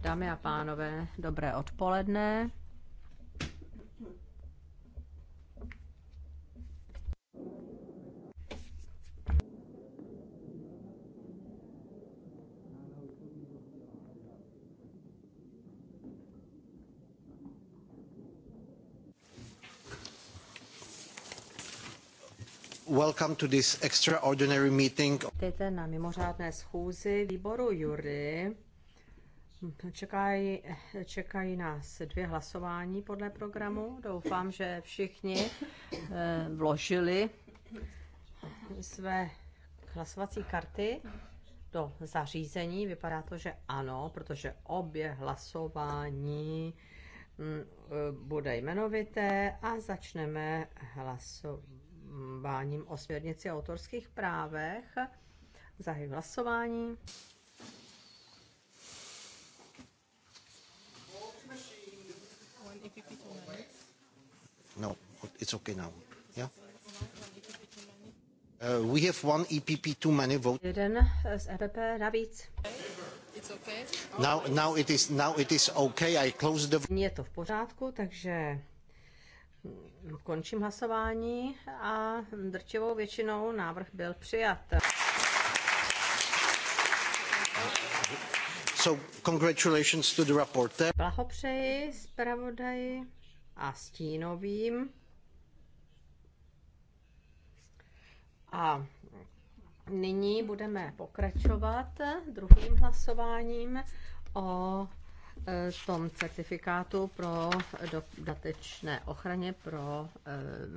Dámy a pánové, dobré odpoledne. Welcome to this extraordinary meeting. Vítejte na mimořádné schůzi výboru Jury Čekají, čekají nás dvě hlasování podle programu. Doufám, že všichni eh, vložili eh, své hlasovací karty do zařízení. Vypadá to, že ano, protože obě hlasování mm, eh, bude jmenovité a začneme hlasováním o směrnici autorských právech. Zahy hlasování. it's okay now. Yeah? Uh, we have one EPP too many vote. Jeden z EPP navíc. It's okay. Now, now it is, now it is okay. I close the... Je to v pořádku, takže končím hlasování a drtivou většinou návrh byl přijat. So congratulations to the reporter. Blahopřeji zpravodaji a stínovým. A nyní budeme pokračovat druhým hlasováním o e, tom certifikátu pro dodatečné ochraně pro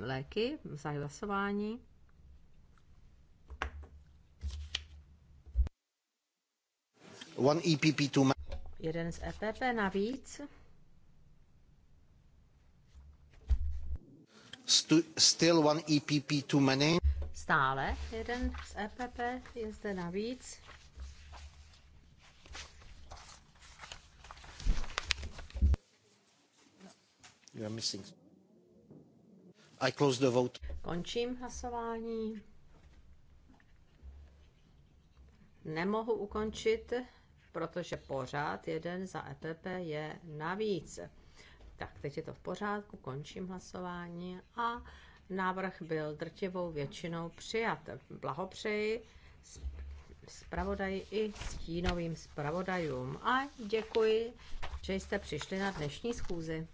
e, léky za hlasování. One EPP too Jeden z EPP navíc. still one EPP too many stále jeden z EPP je zde navíc. You are missing. I close the vote. Končím hlasování. Nemohu ukončit, protože pořád jeden za EPP je navíc. Tak, teď je to v pořádku, končím hlasování a Návrh byl drtivou většinou přijat. Blahopřeji zpravodaji i stínovým zpravodajům a děkuji, že jste přišli na dnešní schůzi.